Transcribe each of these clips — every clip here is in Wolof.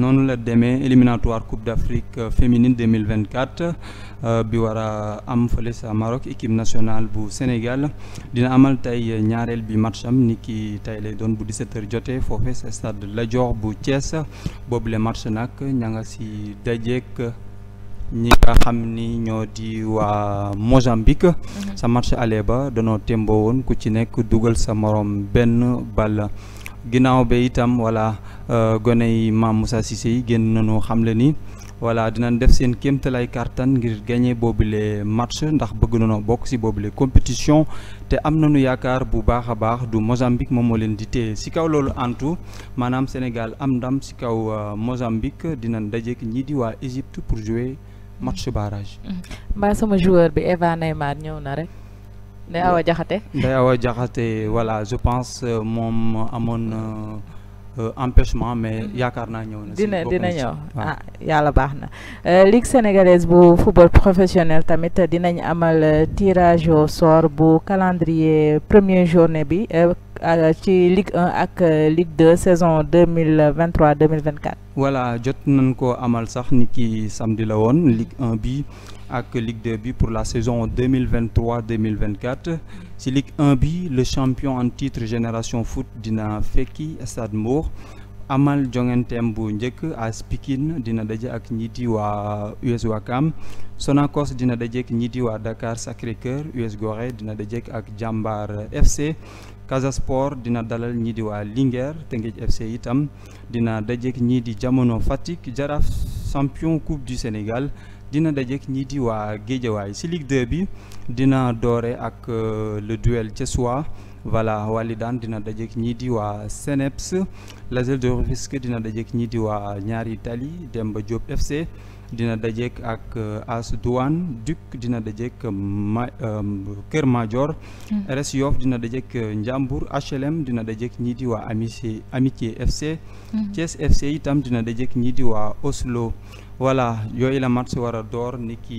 noonu la demee éliminatoire coupe d'Afrique euh, féminine 2024 euh, bi war a am fële sa Maroc équipe nationale bu Sénégal dina amal tey ñaareel bi match am ni ki tey lay doon bu 17 jotee foofee sa stade Lat Dior bu Thiès boobule match nag ña nga si dajeek ñi nga xam ni ñoo di waa Mozambique mhm. sa match aller ba danoo témboo woon ku ci nekk dugal sa moroom benn ball ginnaaw ba itam voilà euh, gone yi sa Moussa Cissé yi génn nañu xamle ni voilà dinañ def seen kéemtalaay kartan ngir gagné boobule match ndax bëgg nañoo bokk si boobule compétition te am na nañu yaakaar bu baax a baax du Mozambique moom moo leen di téye si kaw loolu antu maanaam Sénégal am ndam si kaw euh, Mozambique dina dajeek ñii di waa Égypte pour jouer match barrage. Mm-hmm. mbaa sama joueur bi Eva Neymar ñëw na rek. Ndeye Awa Diakhaté. Ndeye Awa je pense euh, moom amoon euh, empêchement mais yaakaar naa ñëw na. dina dina ñëw ah yàlla baax na. Euh, ligue sénégalaise bu football professionnel tamit dinañ amal tirage au bu calendrier premier journée bi ci ligue un ak ligue 2 saison deux mille 2023 2024. wala jot nañ ko amal sax niki samedi la woon ligue un bi. ak Ligue 2 bi pour la saison 2023-2024 ci Ligue 1 bi le champion en titre Génération Foot dina fekki Stade Mbour amal jonganteem bu njëkk AS Pikine dina daje ak ñi di waa US Ouakam Sonacos dina dajeek ñi di waa Dakar Sacré-Cœur US Gorée dina dajeek ak Jambar FC Casa dina dalal ñi di waa Linguère Teungueth FC itam dina dajeek ñii di Jamono Fatick Jaraaf champion Coupe du Sénégal dina dajeek ñii di waa Géejawaay ci Ligue bi dina doore ak euh, le duel Thiessois voilà Walidane dina dajeek ñii di waa CNEPS Lasvel de Rufisque dina dajeek ñii di waa Ñaari Tali Demba Diop FC dina dajeek ak euh, AS Douane Duc dina dajeek ma euh, Kër Madior mm. RS Yoff dina dajeek Ndiambour HLM dina dajeek ñii di waa Amitié Amitié FC mm-hmm. Thiès FC itam dina dajeek ñii di waa Oslo voilà yooyu la match war a door ni ki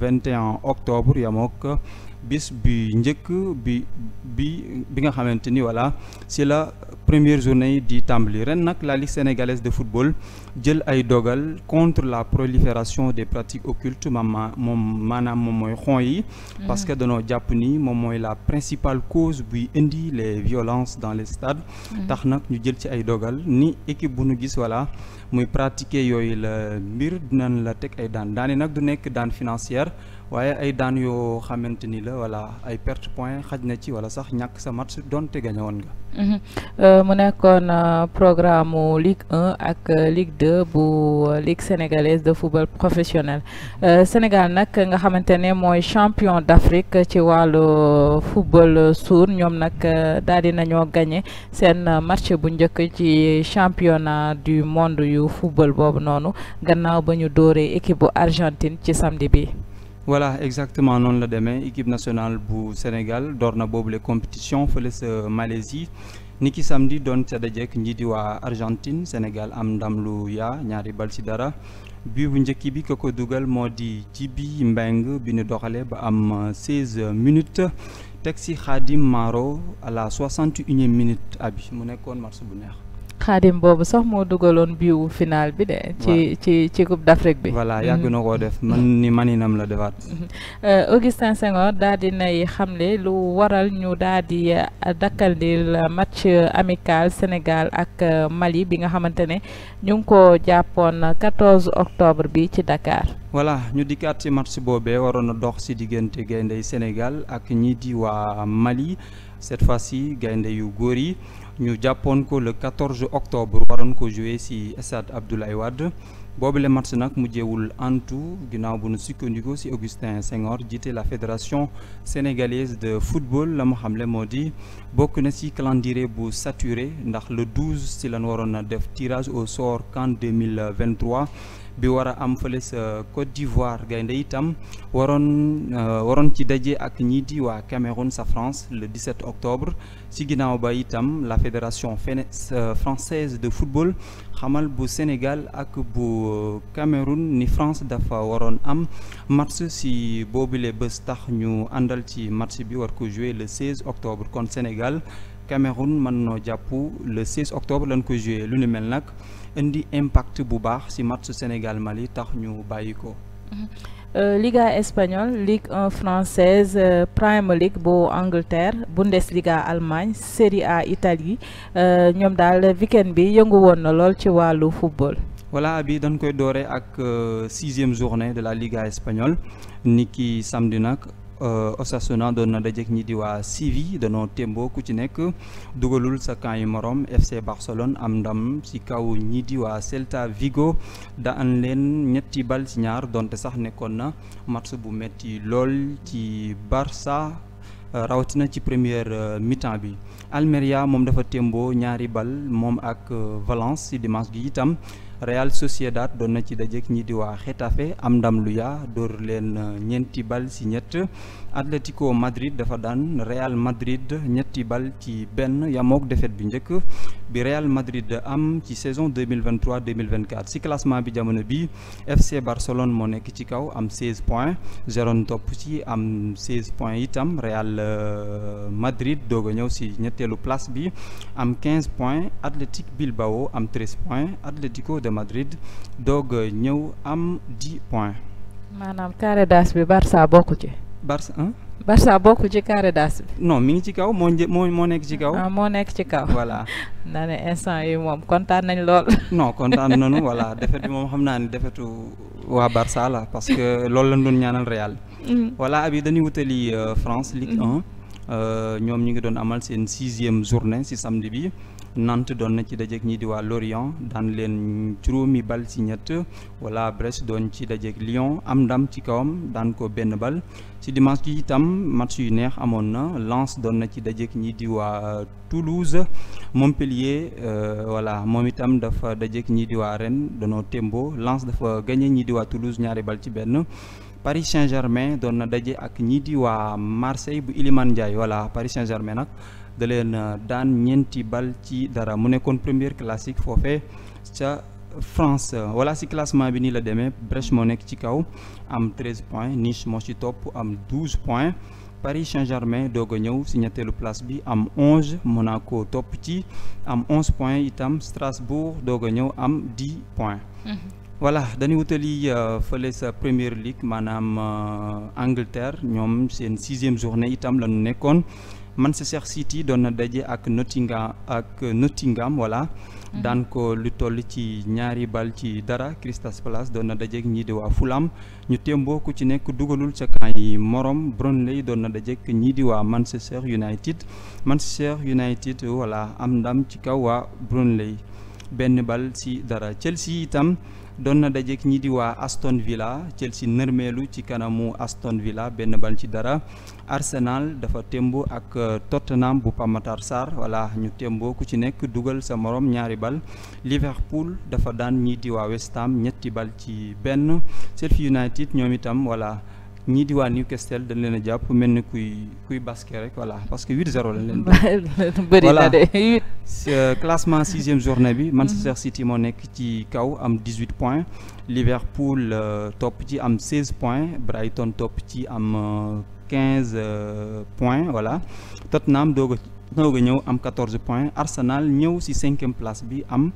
21 octobre yamook bis bi njëkk bi bi bi nga xamante ni voilà ci la première journée di tàmbali ren nag la ligue sénégalaise de football jël ay dogal contre la prolifération des pratiques occultes maanaam moom maanaam moom mooy xon yi mm. parce que dañoo jàpp ni moom mooy la principale cause buy indi les violences dans les stades mm. tax nag ñu jël ci ay dogal ni équipe bu nu gis voilà muy pratiquer yooyu la mbir dinañ la teg ay daan daan yi nag du nekk daan financière waaye ay daan yoo xamante ni la wala ay perte point xaj na ci wala sax ñàkk sa match donte gañe woon nga. Mhm. Euh, mu nekkoon euh, programme mu Ligue ak euh, Ligue 2 bu Ligue sénégalaise de football professionnel Sénégal nag nga xamante ne mooy champion d'Afrique ci wàllu football suur ñoom nag daal di nañoo gañe seen match bu njëkk ci championnat du monde yu football boobu noonu gannaaw ba ñu dooree équipe bu Argentine ci samedi bi. voilà exactement noonu la demee équipe nationale bu Sénégal door na boobule compétition fële sa Malaisie ni ki samedi doon ca dajeek njiiti waa Argentine Sénégal am ndam lu yaa ñaari bal ci dara bi bu njëkk bi ko ko dugal moo di Djiby Mbengue bi nu doxalee ba am 16 minutes teg ci Khadim Maro à la 61e abi mu nekkoon match bu neex. xaadim boobu sax moo dugaloon biwu final bi de. ci ci ci Coupe d'Afrique bi. voilà yàgg mhm. na koo def man ni maninam la defaat. Mhm. Euh, Augustin Senghor daal di nay xamle lu waral ñu daal di euh, dakkandil match amical Sénégal ak euh, Mali bi nga xamante ne ñu ngi ko jàppoon 14 octobre bi ci Dakar. voilà ñu dikkaat ci match boobee waroon a dox ci diggante gayndey Sénégal ak ñii di waa Mali cette fois yi gaynde yu góor yi. ñu jàppoon ko le 14 octobre waroon ko joué ci stade Abdoulaye Wade boobule match nag mujjeewul antu ginnaaw bu nu sukkandiku ci Augustin Senghor jiite la fédération sénégalaise de football la mu xamle moo di bokk na ci calendrier bu saturé ndax le 12 ci lan waroon na def tirage au sort CAN 2023 bi war a am fële sa Côte d'Ivoire gaynde itam waroon euh, waroon ci daje ak ñii di waa Cameroun sa France le octobre ci ginnaaw ba itam la fédération euh, française de football xamal bu Sénégal ak bu euh, Cameroun ni France dafa waroon am match ci boobule bés tax ñu àndal ci match bi war ko jouer le 16 octobre kon Sénégal Cameroun mën noo jàpp le 16 octobre lañ ko joué lu ni mel nag indi impact bu baax ci match Sénégal Mali tax ñu bàyyi ko. Euh, Liga espagnole Ligue 1 française euh, Premier League bu Angleterre Bundesliga Allemagne Serie A Italie euh, ñoom daal weekend bi yëngu woon na lool ci wàllu football. wala bi dañ koy doore ak euh, sixième journée de la Liga espagnole niki samedi nag. Euh, Osasuna doon na dajeek ñi di waa Séville danoo témboo ku ci nekk dugalul sa camp yi morom FC Barcelone am ndam ci kaw ñi di waa Celta Vigo daan leen ñetti bal ci ñaar donte sax nekkoon na match bu metti lool ci Barça rawatina ci première euh, mi bi Almeria moom dafa témboo ñaari bal moom ak euh, Valence ci dimanche gi itam Real Sociedad doon na ci dajeek ñi di waa Getafe am ndam lu yaa dóor leen euh, ñeenti bal ci ñett Atlético Madrid dafa daan Real Madrid ñetti bal ci benn yamook défaite bi njëkk bi Real Madrid am ci saison 2023 2024 ci classement bi jamono bi FC Barcelone moo nekk ci kaw am 16 points Gérone topp ci am point points itam Real euh, Madrid doog a ñëw ci ñetteelu place bi am 15 points Athletic Bilbao am 13 points de Madrid doog ñëw am 10 points. maanaam carré d'as bi Barça bokku ci. Barça ah. Barça bokku ci carré d'as bi. non mi ngi ci kaw moo moo moo nekk ci kaw. ah moo nekk ci kaw. voilà. naa ne instant yi moom kontaan nañ lool. no kontaan nañu voilà défaite bi moom xam naa ne défaite waa Barça la parce que loolu lañ doon ñaanal Real. Mm. voilà abi dañuy wutali euh, France Ligue 1. Mm. Euh, ñoom ñu ngi doon amal seen sixième journée ci samedi bi. Nantes doon na ci dajeek ñi di waa Lorient daan leen juróomi bal ci ñett wala Brest doon ci dajeek Lyon am ndam ci kawam daan ko benn bal ci dimanche gi itam match yu neex amoon na lance doon na ci dajeek ñi di waa Toulouse Montpellier euh, voilà moom itam dafa dajeek ñi di waa ren danoo temboo lance dafa gagné ñi di waa Toulouse ñaari bal ci benn Paris Saint-Germain doon na daje ak ñi di waa Marseille bu Iliman Ndiaye voilà Paris Saint-Germain nag da leen euh, daan ñeenti bal ci dara mu nekkoon première classique foofee ca France voilà si classement bi nii la demee Brest moo nekk ci kaw am 13 points Nice moo ci topp am 12 points Paris Saint-Germain doog a ñëw si ñetteelu place bi am 11 Monaco topp ci am 11 points itam Strasbourg doog a ñëw am 10 points. Mhm. voilà dañuy wutali euh, fële sa première League maanaam euh, Angleterre ñoom seen sixième journée itam la nekkoon. Manchester City doon na daje ak Nottingham ak Nottingham voilà. Mm -hmm. daan ko lu toll ci ñaari bal ci dara Crystal Palace doon na dajeeg ñii di waa Fulham ñu témboo ku ci nekk dugalul ca camp yi morom Burnley doon na dajeeg ñii di waa Manchester United Manchester United voilà am ndam ci kaw waa Burnley benn bal ci dara Chelsea itam. doon na dajeek ñii di waa Aston Villa Chelsea nërmeelu ci kanamu Aston Villa benn bal ci dara Arsenal dafa témboo ak euh, Tottenham bu Pape Matar Sarr ñu témboo ku ci nekk dugal sa moroom ñaari bal Liverpool dafa daan ñii di waa West ñetti bal ci benn Sheffield United ñoom itam voilà ñii di waa Newcastle dañ leen a jàpp mel ni kuy kuy basket rek voilà parce que 8-0 lañ leen. bëri na de voilà euh, classement sixième journée bi. Mhm. Manchester City moo nekk ci kaw am 18 points. Liverpool euh, topp ci am 16 points Brighton topp ci am euh, quinze points voilà Tottenham doog a doog ñëw am 14 points Arsenal ñëw si cinquième place bi am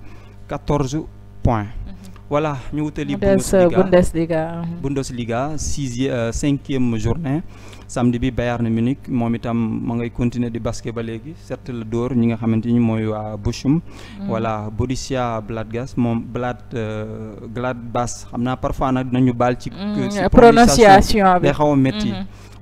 14 points. Mhm. voilà ñu wutali Bundesliga Bundesliga uh-huh. sixième euh, cinquième journée samedi bi Bayern Munich moom itam ma ngay continuer di basket ba léegi sept la dóor ñi nga xamante ni mooy waa Bochum uh-huh. voilà Borussia Gladbach moom Glad euh, Gladbach xam naa parfois nag dinañu baal ci uh-huh. prononciation bi day xaw a métti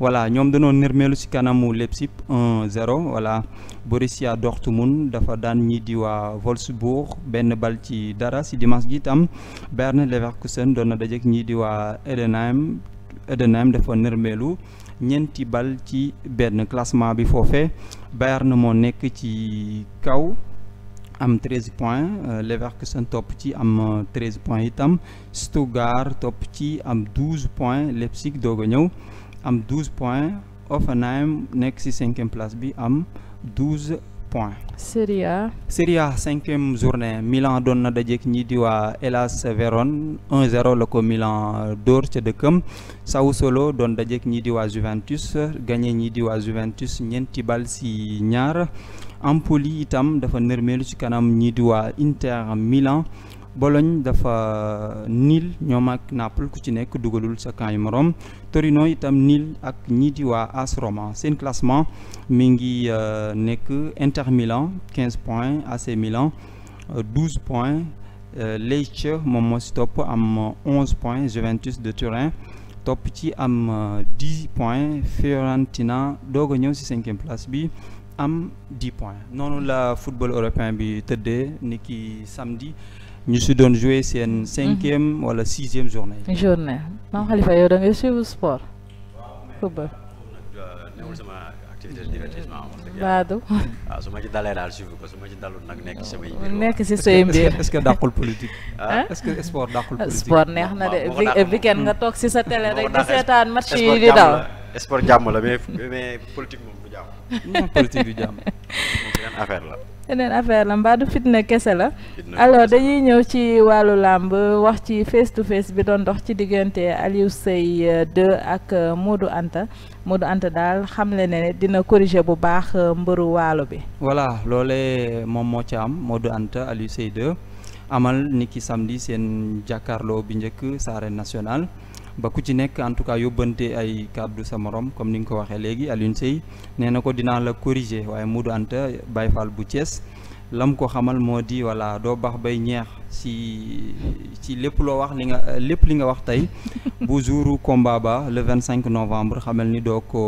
voilà ñoom dañoo nërmeelu si kanamu Leipzig 1-0 voilà Borussia Dortmund dafa daan ñi di waa Wolfsburg benn bal ci dara si dimanche itam tam Bayer Leverkusen doon na dajeek ñii di waa Heidenheim Heidenheim dafa nërmeelu ñeenti bal ci benn classement bi foofee na moo nekk ci kaw am 13 points euh, Leverkusen topp ci am 13 euh, point itam Stuttgart topp ci am 12 points Leipzig doog a ñëw am 12 points Offenheim nekk ci cinquième place bi am 12 points. Serie A. Serie A cinquième journée Milan doon na dajeek ñi di waa Hellas Vérone 1-0 la ko Milan dóor ca dëkkam solo doon dajeek ñi di waa Juventus gagné ñi di waa Juventus ñeenti bal ci ñaar Empoli itam dafa nërmeelu ci kanam ñi di waa Inter Milan. boloñ dafa euh, nil ñoom ak Naples ku ci nekk dugalul sa camp yu morom Torino itam nil ak ñii di waa AS Roma seen classement mi ngi euh, nekk Inter Milan 15 points AC Milan 12 euh, points Lecce moom moo si topp am 11 points Juventus de Turin topp ci am 10 points Fiorentina doog a ñëw si cinquième place bi. am 10 noonu la football européen bi tëddee ni ki samedi ñu si doon jouer seen mhm. cinquième wala sixième journée. journée maam Khalifa yow da ngay suivre sport. football. Badou. Euh, waaw su ma ci dalee daal suivre ko su ma ci dalul nag nekk ci samay nekk ci say mbir est que dàqul politique. Ah. est-ce que sport dàqul ah, politique. sport neex na de weekend nga toog ci sa télé rek di seetaan match yi di daw. sport jàmm la mais mais politique moom du jàmm. politique du jàmm. moom beneen affaire la. beneen affaire la mbaa du fitna kese la alors dañuy ñëw ci wàllu làmb wax ci face to face bi doon ndox ci diggante Aliou Seye 2 euh, ak euh, Modou Anta Modou Anta daal xamle ne dina corriger bu baax euh, mbëru waalo bi voilà loolee moom moo ci am Modou Anta Aliou Seye 2 amal niki samedi seen jàkkaarloo bi njëkk sa national ba ku ci nekk en tout cas yóbbante ay kàddu sa moroom comme ni nga ko waxee léegi Alioune sey nee na ko dinaa la corriger waaye Modou Anta Baye Fall bu Thiès lam ko xamal moo di voilà doo baax bay ñeex ci ci lépp loo wax li nga lépp li nga wax tey bu jouru combat ba le 25 novembre xamal ni doo ko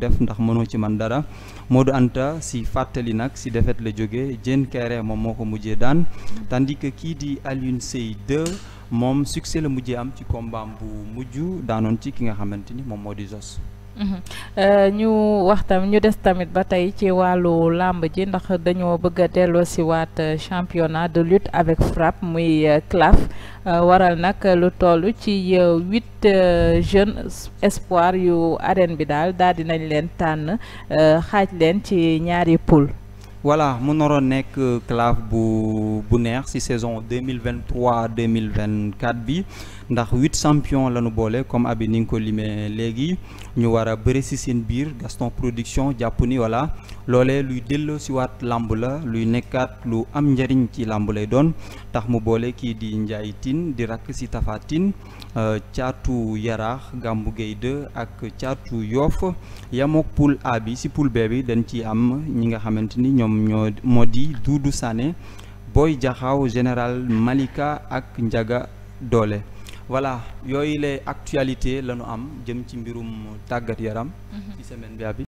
def ndax mënoo ci man dara Modou Anta si fàttali nag si defet la jóge Diène Kairé moom moo ko mujjee daan mm. tandis kii di Alioune Seye 2 moom succès la mujjee am ci combat bu mujj daanoon ci ki nga xamante ni moom moo di Zoss. Mhm. Euh, ñu waxtam ñu des tamit ba tey ci wàllu làmb ji ndax dañoo bëgg a delloo si waat euh, championnat de lutte avec frappe muy euh, CLAF waral nag lu toll ci huit jeunes espoir yu arène bi daal daal dinañ leen tànn xaaj leen ci ñaari poule voilà mu naroon nekk clave bu bu neex ci saison deux mille vingt trois deux mille vingt quatre bi ndax huit champion la ñu boole comme abi ni nga ko limee léegi ñu war a bëre ci seen biir Gaston Production jàpp ni wala loole luy delloo ci waat làmb la luy nekkaat lu am njariñ ci làmb lay doon tax mu boole kii di Ndiaye tin di rakk ci tafaatin Tine euh, caatu yaraax Gambu Gueye 2 ak caatu Yoff yamook poule A bi ci poule bi dañ ci am ñi nga xamante ni ñoom ñoom ñoo moo di Doudou Sané booy Diakhao Général Malika ak njaga Doole voilà yooyu les actualités la ñu am jëm ci mbirum tàggat yaram mhm. ci semaine bi abi